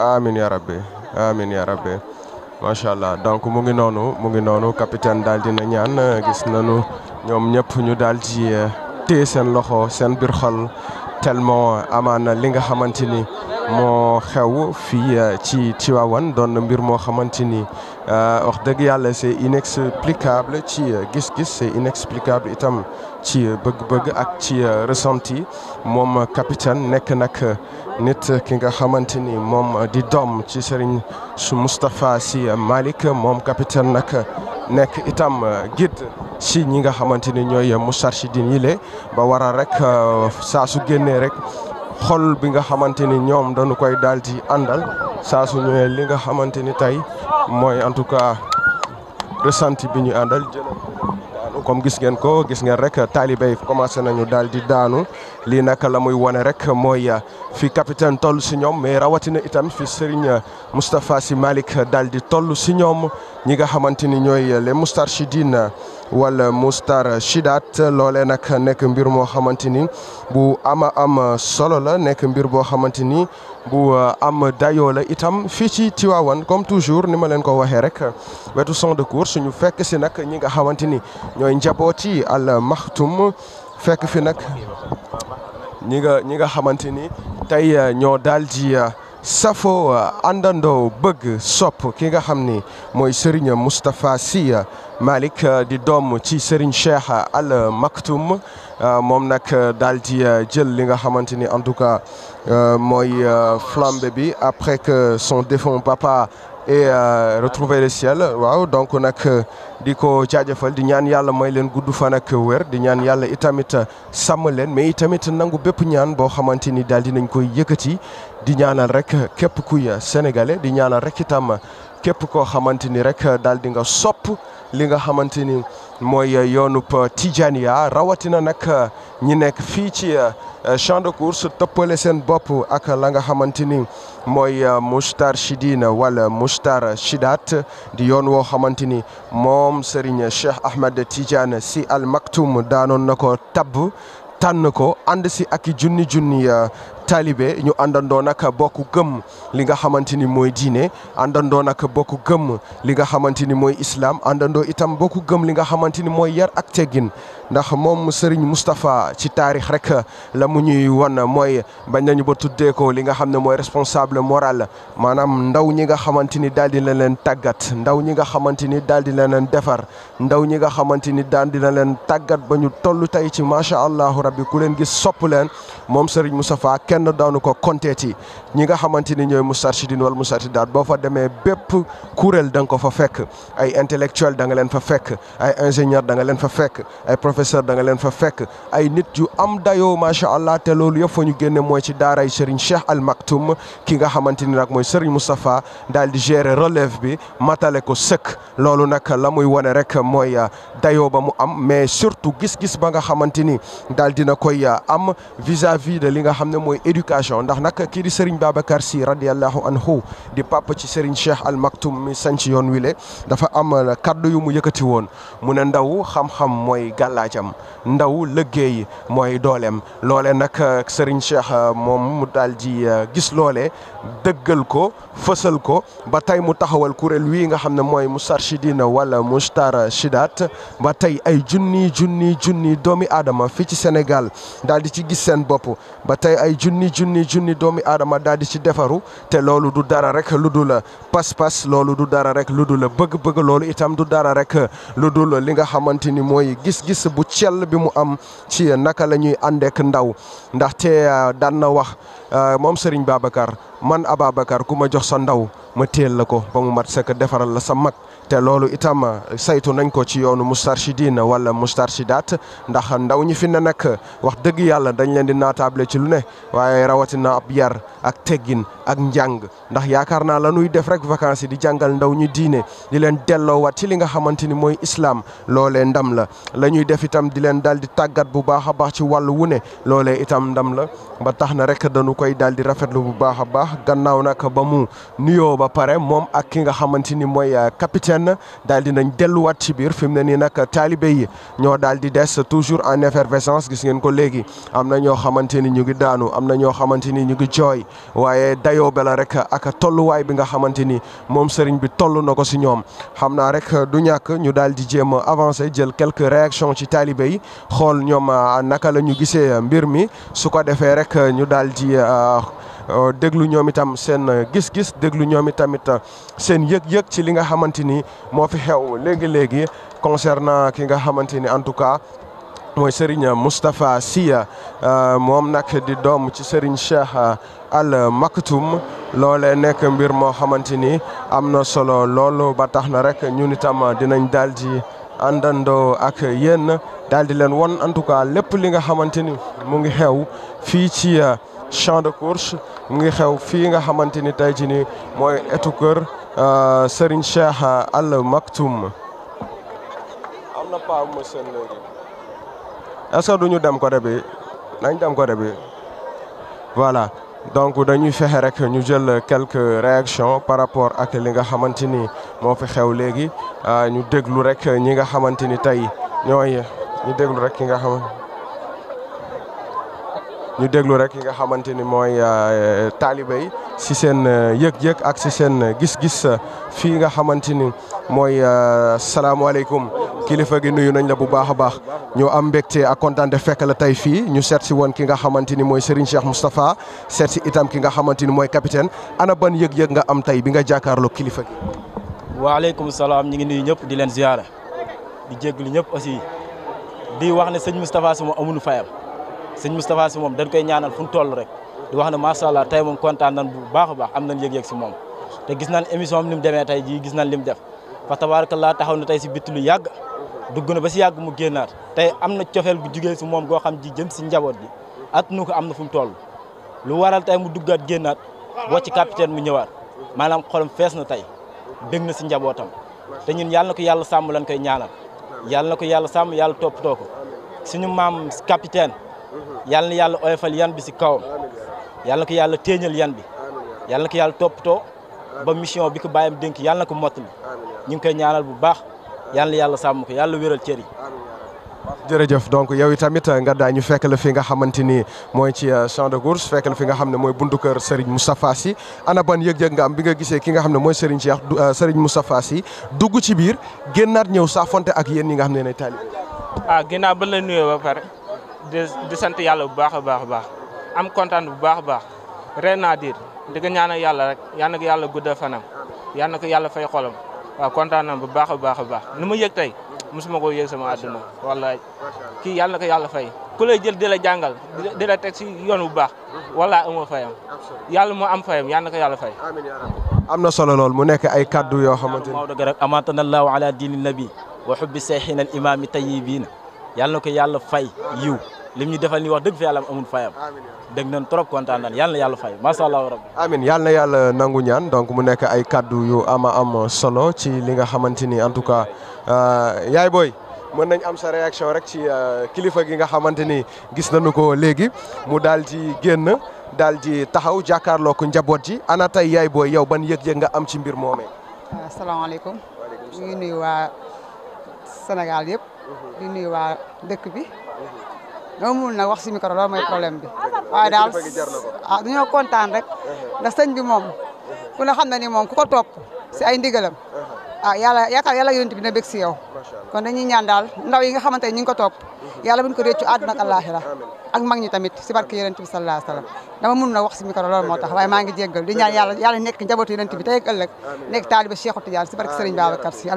amiin yaa rabbi amiin yaa rabbi macha allah donc mu ngi noonu mu ngi noonu capitaine daal dina ñaan gis nanu ñoom ñëpp ñu daal di eh, téye seen loxo seen biir xol tellement amaan li nga xamante ni. moo xew fii eh, ci Tivaouane doon na mbir moo xamante ni eh, wax dëgg yàlla c'est inexplicable ci gis-gis c'est inexplicable itam ci bëgg-bëgg ak ci eh, ressenti moom capitaine nekk nag nit ki nga xamante ni moom di doom ci Serigne su Moustapha Sy Malick moom capitaine nag nekk itam guide si ñi nga xamante ni ñooy Moustarchidine yile ba waral rek saa su génnee rek. xol bi nga xamante ni ñoom dañu koy daal di àndal saa su ñëwee li nga xamante ni tey mooy en tout cas ressenti bi ñuy àndal daanu comme gis ngeen ko gis ngeen rek taalibe yi commencé nañu daal di daanu lii nag la muy wane rek mooy fi capitaine toll si ñoom mais rawatina itam fi Serigne Moustapha Sy Malick daal di toll si ñoom ñi nga xamante ni ñooy les Moustarchidine wala Moustarchidaat loole nag nekk mbir moo xamante ni bu ama am solo la nekk mbir boo xamante ni bu uh, am dayoo itam fii ci waawan comme toujours ni ma leen ko waxee rek wetu son de course ñu fekk si nag ñi nga xamante ni ñooy njabooti Al Maktoum fekk fi nag ñi nga ñi nga xamante ni tey uh, ñoo daal uh, safoo àndandoo bëgg sopp kii nga xam ni mooy Serigne Moustapha Sy Malick euh, di doom ci Serigne Cheikh Al Maktoum euh, moom nag daal di euh, jël li nga xamante ni en tout cas mooy flambe bi après que son défunt papa et euh, retrouver le ciel waaw donc nag di ko jaajëfal di ñaan yàlla may leen gudd fan ak wér di ñaan yàlla itamit sàmm leen mais itamit nangu bépp ñaan boo xamante ni daal dinañ koy yëkkati di ñaanal rek képp kuy sénégalais di ñaanal rek itam képp koo xamante ni rek daal di nga sopp li nga xamante mooy euh, yoonub euh, ya rawatina nag euh, ñi nekk fii ci champ de course toppale seen bopp ak la nga xamante ni mooy Moustarchidine wala Moustarchidaat di yoon woo xamante ni moom Serigne Cheikh Ahmed Tidiane si Al daanoon na ko tabb tànn ko ànd si ak junni junni taalibe ñu àndandoo nag bokk gëm li nga xamante ni mooy diine àndandoo nag bokk gëm li nga xamante ni mooy islam àndandoo itam bokk gëm li nga xamante ni mooy yar ak teggin ndax moom Serigne mustafa ci taarix rek la mu ñuy wan mooy bañ nañu ba tuddee ko li nga xam ne mooy responsable moral maanaam ndaw ñi nga xamante ni daal di la leen tàggat ndaw ñi nga xamante ni daal di la leen defar ndaw ñi nga xamante ni daal di la leen tàggat ba ñu toll tey ci macha allah gis sopp kenn daanu ko konteeti ñi nga xamante ni ñooy Moustarchidine wala Moustarchidaat boo fa demee bépp kuréel da nga ko fa fekk ay intellectuel da nga leen fa fekk ay ingénieur da nga leen fa fekk ay professeur da nga leen fa fekk ay nit yu am dayoo macha allah te loolu yëpp fa génne mooy ci daaray Serigne Cheikh Al Maktoum ki nga xamante ni nag mooy Serigne Moustapha daal di gérer relève bi matale ko sëkk loolu nag la muy wane rek mooy euh, dayoo ba mu am mais surtout gis-gis ba nga xamante ni daal éducation ndax nag kii di Serigne Babacar Sy radiallahu anhu di papp ci Serigne Cheikh Al Maktoum mi sanc yoon wile dafa am kaddu yu mu yëkkati woon mu ne ndaw xam-xam mooy gàllaajam ndaw liggéey mooy dooleem loole nag Serigne Cheikh euh, moom mu daal di euh, gis loole dëggal ko fësal ko ba tey mu taxawal kuréel wii nga xam ne mooy Moustarchidine wala Moustarchidaat ba tey ay junni junni junni doomi aadama fii ci Sénégal daal di ci gis seen bopp ba tey ay junni ni junni junni doomi aadama daal di ci defaru te loolu du dara rek lu dul pas-pas loolu du dara rek lu dul bëgg-bëgg loolu itam du dara rek lu dul li nga xamante ni mooy gis-gis bu cell bi mu am ci naka la ñuy àndeek ndaw ndaxte ah, daan na wax ah, moom Serigne Babacar man Ababacar ku ma jox sa ndaw ma téel la ko ba mu mat sëkk defaral la sa mag te loolu itam saytu nañ ko ci yoonu mustarshidin wala daat ndax ndaw ñi fi ne nag wax dëgg yàlla dañ leen di naataable ci lu ne waaye rawatina ab yar ak teggin ak njàng ndax yaakaar naa la nuy def rek vacances yi di jàngal ndaw ñi diine di leen delloowaat ci li nga xamante ni mooy islaam loole ndam la la ñuy def itam di leen daal di tàggat bu baax a baax ci wàllu wu ne loolee itam ndam la ba tax na rek dañu koy daal di rafetlu bu baax a baax gannaaw nag ba mu nuyoo ba pare moom ak ki nga xamante ni mooy euh, capitaine daal di nañ delluwaat ci biir fi mu ne nii nag taalibe yi ñoo daal di des toujours en effervescence gis ngeen ko léegi am na ñoo xamante ni ñu ngi daanu am na ñoo xamante ni ñu ngi jooy waaye dayoo bela rek ak tolluwaay bi nga xamante ni moom sëriñ bi toll na ko si ñoom xam naa rek du ñàkk ñu daal di jéem avancer jël quelques réactions ci taalibe yi xool ñoom euh, naka la ñu gisee mbir mi su ko defee rek ñu daal di euh, Euh, déglu ñoom itam seen euh, gis-gis déglu ñoom itamit euh, seen yëg-yëg ci li nga xamante ni moo fi xew léegi léegi concernant ki nga xamante ni en tout cas. mooy Serigne Moustapha Sy moom nag di doom ci Serigne Cheikh Al Maktoum loole nekk mbir moo xamante ni am na solo loolu ba tax na rek ñun itam dinañ daal di àndandoo ak yéen daal di leen won en tout cas lépp li nga xamante ni mu ngi xew fii ci champ de course mu ngi xew fii nga xamante ni tey jii nii mooy etu kër euh, Serigne Cheikh Al Maktoum. am na paa bu ma léegi. est du ñu dem côté bi nañ dem côté bi voilà donc dañuy fexe rek ñu jël quelques réaction par rapport ak li nga xamante ni moo fi xew léegi euh, ñu déglu rek ñi nga xamante ni tey ñooy ñu déglu rek ki nga xamante. ñu déglu rek yi nga xamante ni mooy euh, taalibe yi si seen euh, yëg-yëg ak si seen euh, gis-gis fii nga xamante ni mooy salaamaaleykum kilifa gi nuyu nañ la bu baax a baax ñu am mbégte ak kontaan fekk la tey fii ñu seet si woon ki nga xamante ni mooy Serigne Cheikh Moustapha seet si itam ki nga xamante ni mooy capitaine ana ban yëg-yëg nga am tey bi nga jàkkaarloo kilifa gi. waaleykum salaam ñu ngi nuyu ñëpp di leen ziyaara di jégalu ñëpp aussi di wax ne sëñ Moustapha sama amunu fayam. sëñ Moustapha si moom dañ koy ñaanal fu mu toll rek di wax ne macha allah tey moom kontaan nañ bu baax a baax am nañ yëg-yëg si moom te gis nañ émission am ni mu demee tey jii gis nañ li mu def fa tabarakallah taxaw na tey si bitti lu yàgg dugg na ba si yàgg mu génnaat tey am na cofeel gu jugee si moom goo xam ji jëm si njaboot bi at nu ko am na fu mu toll lu waral tey mu duggaat génnaat ci capitaine mu ñëwaat maanaam xolam fees na tey dégg na si njabootam te ñun yàlla na yàlla sàmm lañ koy ñaanal yàlla na ko yàlla sàmm yàlla toppatoo ko yàlla na yàlla oyofal yan bi si kawam yàlla na ko yàlla téeñal yan bi yàlla na ko yàlla toppatoo ba mission bi ko bàyyam dénk yàlla na ko mottali ñu ngi koy ñaanal bu baax yàlla yàlla sàmm ko yàlla wéral cër jërëjëf donc yow tamit euh, nga daa ñu fekk la fi nga xamante ni mooy ci euh, champ de course fekk la fi nga xam ne mooy buntu kër mu Moustapha Sy ana ban yëg-yëg nga am bi nga gisee ki nga xam ne mooy Serigne Cheikh euh, Serigne Moustapha Sy dugg ci biir génnaat ñëw saafonte ak yéen ñi nga xam ne ne taalibe ah, di sant yàlla bu baax a baax baax am kontaan bu baax a baax ren naa diir di ko ñaanal yàlla rek yal na ko yàlla guddal fanam yan na ko yàlla fay xolam waaw kontaan na bu baax a baax a baax nu ma yeg tey mosuma koo yëg sama àdduna wallaay kii yal na ko yàlla fay ku lay jël di la jàngal di la teg si yoon bu baax wallaay amoo fayam yàlla moo am fayam yal ko yàlla fay. am na solo lool mu nekk ay kaddu yoo xamante ni. Maodo Gara amaatana allahu ala diini nabi wa xubbi seexina imaami yàlla na ko yàlla fay yiw lim ñu defal ni wax dëgg fa yàlla amul fayam dégg nañ trop kontaan naan yàlla na yàlla fay macha allah rabbi amiin yàlla na yàlla nangu ñaan donc mu nekk ay kaddu yu ama am solo ci li nga xamante ni en tout cas euh, yaay booy mën nañ am sa réaction rek ci euh, kilifa gi nga xamante ni gis nañu ko léegi mu daal ci génn daal di taxaw jàkkaarloo ko njaboot ji ana tey yaay booy yow ban yëg-yëg nga am ci mbir moome asalaamaaleykum. waaleykum salaam ñu waa Sénégal yëpp. di nuyu waa dëkk bi. dama mun nag wax si micro loolu mooy problème bi. waaye daal a ah dañoo kontaan rek. Uh-huh. ndax sëñ bi moom. ku ne xam na moom ku ko topp si ay ndigalam. Uh-huh. a ah, yàlla yaakaar yàlla bi na bëgg si yow. kon dañuy daal ndaw nga xamante ni ko topp. yàlla buñ ko réccu àdduna ak àllaaxira ak mag ñi tamit si barke yonent bi sallallahu alayhi wasallam dama mun na wax si micro loolu moo tax waaye maa ngi jéggal di ñaan yàlla yàlla nekk njabootu yonent bi tey ak ëllëg nekk taaliba Cheikhu Tidiane si barke Serigne Babacar si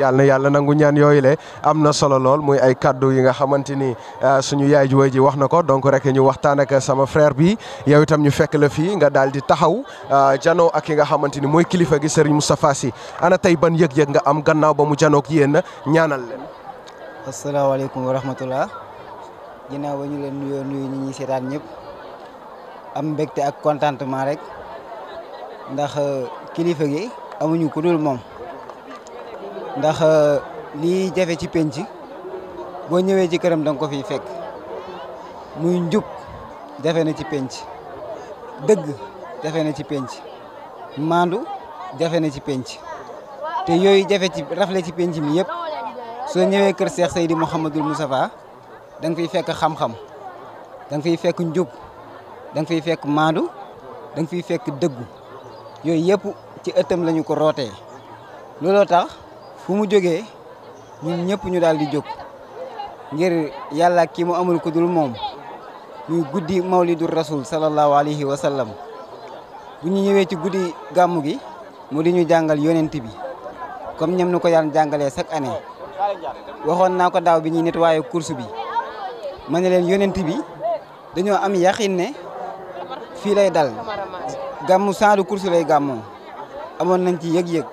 yàlla yàlla nangu ñaan yooyu le am na solo lool muy ay kaddu yi nga xamante ni ah, suñu yaay ji way ji wax na ko donc rek ñu waxtaan ak sama frère bi yow itam ñu fekk la fii nga daal di taxaw ah, janoo ak ki nga xamante ni mooy kilifa gi Serigne Moustapha Sy ana tey ban yëg-yëg nga am gannaaw ba mu janook yéen ñaanal leen asalaamaaleykum wa rahmatullah ginnaaw ba ñu leen nuyoo nuyu ñi ñuy seetaan ñëpp am mbégte ak contentement rek ndax euh, kilifa gi amuñu ku moom ndax euh, lii jafe ci penc boo ñëwee ci këram danga ko fiy fekk muy njub jafe na ci penc dëgg jafe na ci penc maandu jafe na ci penc te yooyu jafe ci rafle ci penc mi yëpp soo ñëwee kër Cheikh Seydi Mouhamadul Moustapha da nga fiy fekk xam-xam da nga fiy fekk njub da nga fekk maandu da nga fiy fekk dëggu yooyu yëpp ci ëttam lañu ko rootee looloo tax fu mu jógee ñun ñëpp ñu daal di jóg ngir yàlla ki mu amul ku dul moom muy guddi mawlidu rasul sallallahu alayhi wa sallam bu ñu ñëwee ci guddi gàmmu gi mu di ñu jàngal yonent bi comme ñam nu ko yaan jàngalee chaque année waxoon naa ko daaw bi ñuy nettoyé course bi ma ne leen yonent bi dañoo am yaqin ne fii lay dal gàmmu saalu course lay gàmmoo amoon nañ ci yëg-yëg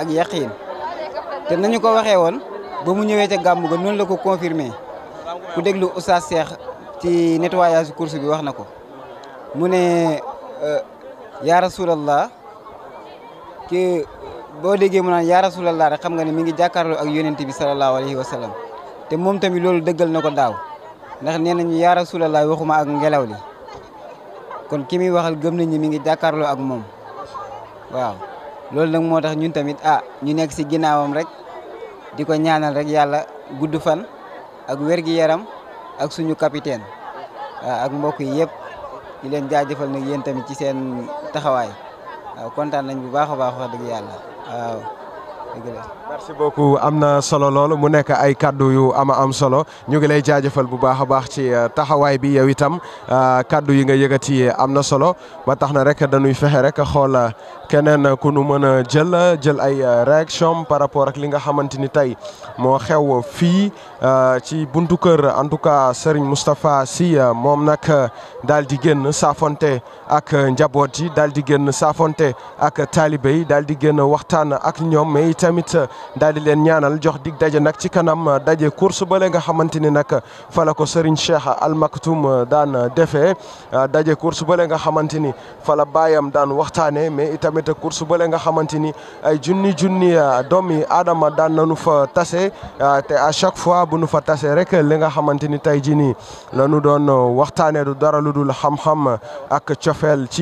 ak yaqin te nañu ko waxee woon ba mu ñëwee ca gàmmu ga noonu la ko confirmé ku déglu Oustaz Cheikh ci nettoyage course bi wax na ko mu ne euh, yaa rasulallah ki boo déggee mu naan yaa rasulallah rek xam nga ne mi ngi jàkkaarloo ak yonent bi sallallahu alayhi wa sallam te moom tamit loolu dëggal na ko daaw ndax nee nañu yaa rasulallah waxuma ak ngelaw li kon ki muy waxal gëm nañu mi ngi jàkkaarloo ak moom waaw loolu nag moo tax ñun tamit ah ñu nekk si ginnaawam rek di ko ñaanal rek yàlla gudd fan ak wér yaram ak suñu capitaine ah, ak mbokk yi yëpp di leen jaajëfal nag yéen tamit ci seen taxawaay waaw kontaan nañ bu baax a baax wax dëgg yàlla waaw merci beaucoup am na solo loolu mu nekk ay kaddu yu ama am solo ñu ngi lay jaajëfal bu baax a baax ci euh, taxawaay bi yow itam euh, kaddu yi nga yëkkati am na solo ba tax na rek dañuy fexe rek xool euh, keneen ku nu mën a jël jël ay réaction par rapport ak li nga xamante ni tey moo xew fii ci buntu kër en tout cas Serigne Moustapha Sy moom nag daal di génn saafonte ak njaboot yi daal di génn saafonte ak taalibe yi daal di génn waxtaan ak ñoom mais tamit euh, daal di leen ñaanal jox dig daje nag ci kanam euh, daje course bale nga xamante ni nag fa la ko Serigne Cheikh Al euh, daan defe daje course bale nga xamante ni fa baayam daan waxtaanee mais itamit course bale nga xamante ni ay junni junni doomi aadama daan nañu fa tase te à fois bu nu fa tase rek li nga xamante ni tey jii nii la ñu doon waxtaanee du dara lu dul xam-xam ak cofeel ci